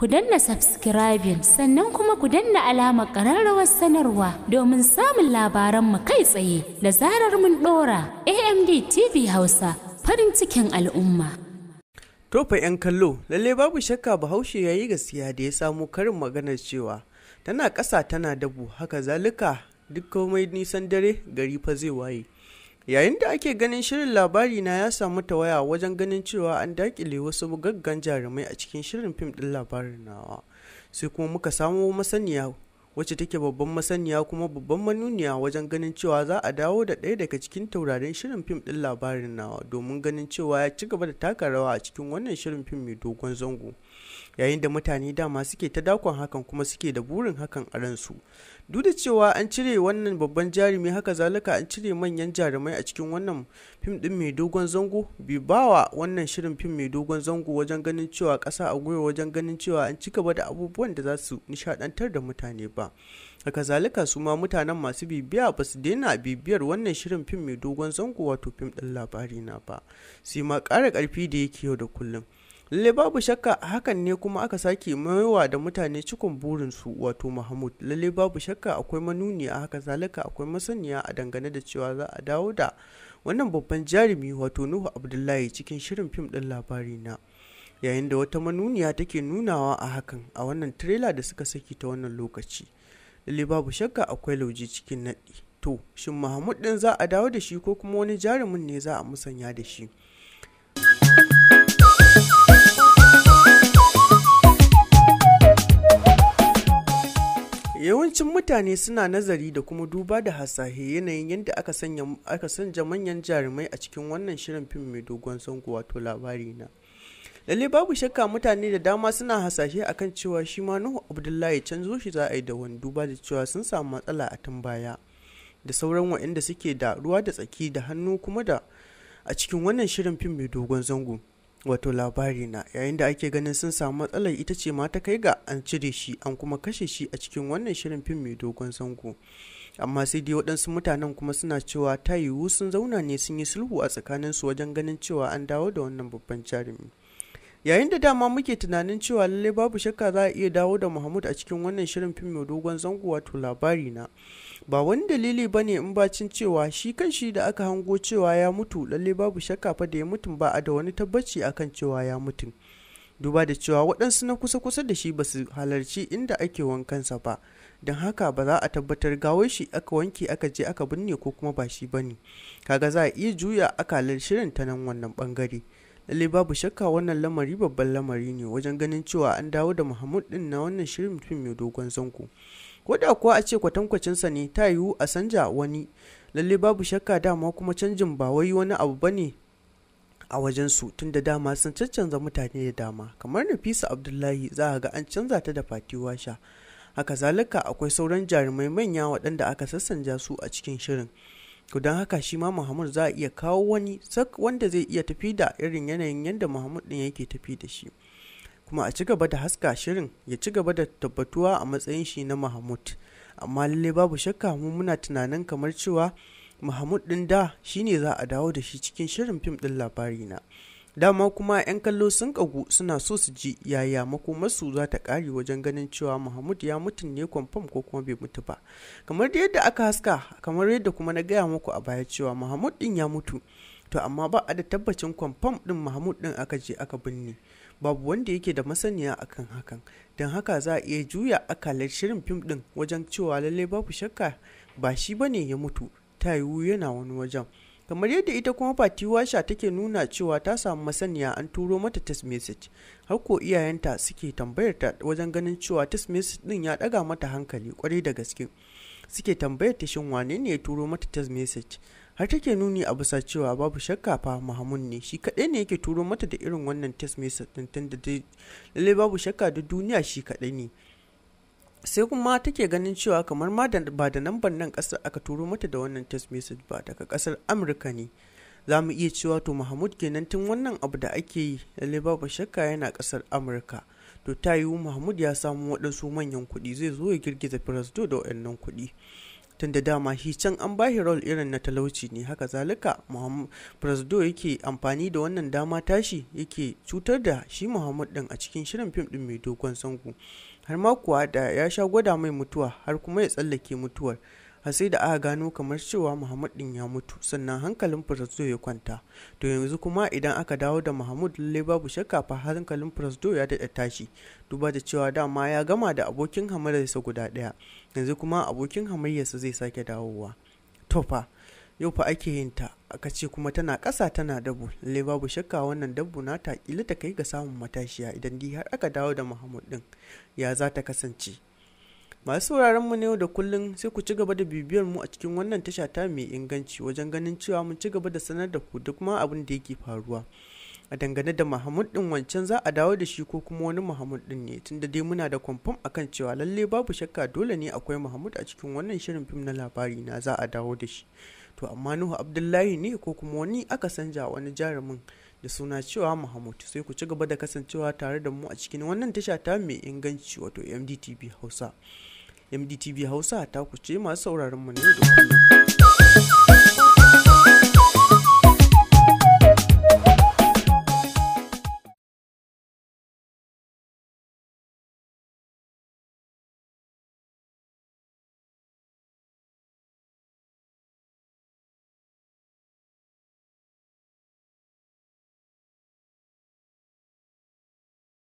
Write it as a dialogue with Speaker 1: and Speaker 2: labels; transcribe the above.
Speaker 1: ku danna subscribing sannan kuma ku danna alamar ƙararrawar sanarwa domin samun labaran mu kai tsaye da zarar mun ɗora AMD TV Hausa farin cikin al'umma. Tofa 'yan kallo, lalle babu shakka bahaushe ya yi gaskiya da ya samu karin maganar cewa tana ƙasa tana dabu haka zalika duk komai nisan dare gari fa zai waye. yayin da ake ganin shirin labari na ya samu tawaya wajen ganin cewa an dakile wasu gaggan jarumai a cikin shirin fim din labarin nawa sai kuma muka samo masaniya wacce take babban masaniya kuma babban manuniya wajen ganin cewa za a dawo da ɗaya daga cikin taurarin shirin fim din labarin nawa domin ganin cewa ya ci gaba da taka rawa a cikin wannan shirin fim mai dogon zango yayin da mutane dama suke ta dakon hakan kuma suke da burin hakan a ransu duk da cewa an cire wannan babban jarumi haka zalika an cire manyan jarumai a cikin wannan fim din mai dogon zango bi bawa wannan shirin fim mai dogon zango wajen ganin cewa kasa a gwiwa wajen ganin cewa an ci gaba da abubuwan da za su nishadantar da mutane ba haka zalika su ma mutanen masu bibiya ba su daina bibiyar wannan shirin fim mai dogon zango wato fim din labari na ba sai ma ƙara karfi da yake yau da kullum lalle babu shakka hakan ne kuma aka sake maiwa da mutane cikon burinsu wato mahmud lalle babu shakka akwai manuni a haka zalika akwai masaniya a dangane da cewa za a dawo da wannan babban jarumi wato nuhu abdullahi cikin shirin fim din labari na yayin da wata manuniya take nunawa a hakan a wannan tirela da suka saki ta wannan lokaci lalle babu shakka akwai lauje cikin naɗi to shin mahmud din za a dawo da shi ko kuma wani jarumin ne za a musanya da shi yawancin mutane suna nazari da kuma duba da hasashe yanayin yadda aka sanya manyan jarumai a cikin wannan shirin fim mai dogon zango wato labari na lalle babu shakka mutane da dama suna hasashe akan cewa shi ma nuhu abdullahi canzo shi za a yi da wani duba da cewa sun samu matsala a tun baya da sauran waɗanda suke da ruwa da tsaki da hannu kuma da a cikin wannan shirin fim mai dogon zango wato labari na yayin da ake ganin sun samu matsalar ita ce ma ta kai ga an cire shi an kuma kashe shi a cikin wannan shirin fim mai dogon zango amma sai dai waɗansu mutanen kuma suna cewa ta yiwu sun zauna ne sun yi sulhu a tsakaninsu wajen ganin cewa an dawo da wannan babban jarumi yayin da dama muke tunanin cewa lallai babu shakka za a iya dawo da muhammad a cikin wannan shirin fim mai dogon zango wato labari na ba wani dalili ba ne in bacin cewa shi kan shi da aka hango cewa ya mutu lallai babu shakka fa da ya mutum ba a da wani tabbaci akan cewa ya mutu duba da cewa waɗansu na kusa-kusa da shi ba su halarci inda ake wankansa ba don haka ba za a tabbatar gawar shi aka wanke aka je aka binne ko kuma ba shi ba ne kaga za a iya juya akalar shirin ta nan wannan bangare lalle babu shakka wannan lamari babban lamari ne wajen ganin cewa an dawo da muhammad din na wannan shirin fim mai dogon zango ko da kuwa a ce kwatankwacinsa ne ta yiwu a sanja wani lalle babu shakka dama kuma canjin ba wai wani abu bane a wajen tun da dama sun canza mutane da dama kamar nafisa abdullahi za a ga an canza ta da fatiwa sha haka zalika akwai sauran jarumai manya waɗanda aka sassanja su a cikin shirin don haka shi ma muhammad za a iya kawo wani sak wanda zai iya tafi da irin yanayin yadda muhammad din yake tafi da shi kuma a ci gaba da haska shirin ya ci gaba da tabbatuwa a matsayin shi na mahmud amma lalle babu shakka mu muna tunanin kamar cewa mahmud din da shine za a dawo da shi cikin shirin fim din labari na dama kuma 'yan kallo sun kagu suna so su ji yaya makomarsu za ta kare wajen ganin cewa muhammad ya mutu ne kwamfam ko kuma bai mutu ba kamar da yadda aka haska kamar yadda kuma na gaya muku a baya cewa muhammad din ya mutu to amma ba a da tabbacin kwamfam din mahmud din aka je aka binne babu wanda yake da masaniya akan hakan don haka za a iya juya akalar shirin fim din wajen cewa lallai babu shakka ba shi bane ya mutu ta yiwu yana wani wajen kamar yadda ita kuma fati washa take nuna cewa ta samu masaniya an turo mata test message har ko iyayenta suke tambayar ta wajen ganin cewa test message din ya daga mata hankali kwarai da gaske suke tambayar ta shin wane ne ya turo mata test message har take nuni a bisa cewa babu shakka fa mahamun ne shi kadai ne yake turo mata da irin wannan test message din tunda dai lalle babu shakka da duniya shi kadai ne sai kuma take ganin cewa kamar ma ba da namban nan kasar aka turo mata da wannan test message ba daga kasar amurka ne za mu iya cewa to mahmud kenan tun wannan abu da ake yi lalle babu shakka yana kasar amurka to ta yiwu mahmud ya samu waɗansu manyan kuɗi zai zo ya girgiza firasdo da waɗannan kuɗi tunda da dama shi can an ba shi rol irin na talauci ne haka zalika firasdo yake amfani da wannan dama tashi yake cutar da shi mahmud ɗin a cikin shirin fim ɗin mai dogon sango har ma kuwa da ya sha gwada mai mutuwa har kuma ya tsallake mutuwar har sai da aka gano kamar cewa Muhammad din ya mutu sannan hankalin presdo ya kwanta to yanzu kuma idan aka dawo da Muhammad lallai babu shakka fa hankalin presdo ya daɗa tashi duba da cewa dama ya gama da abokin hamayyarsa guda ɗaya yanzu kuma abokin hamayyarsa zai sake dawowa to fa yau fa ake yin ta aka ce kuma tana kasa tana dabu lallai babu shakka wannan dabu na ta kila ta kai ga samun matashiya idan di har aka dawo da muhammad din ya za ta kasance masu sauraron mu yau da kullun sai ku ci gaba da bibiyar mu a cikin wannan tasha ta mai inganci wajen ganin cewa mun ci gaba da sanar da ku duk ma abin da yake faruwa a dangane da Mahmud din wancan za a dawo da shi ko kuma wani Mahmud din ne tunda dai muna da kwamfam akan cewa lallai babu shakka dole ne akwai Mahmud a cikin wannan shirin fim na labari na za a dawo da shi to amma nuhu abdullahi ne ko kuma wani aka sanja wani jarumin da suna cewa muhammadu sai ku ci gaba da kasancewa tare da mu a cikin wannan tasha ta mai inganci wato mdtv hausa mdtv hausa ta kuce masu sauraron mu ne da kuma.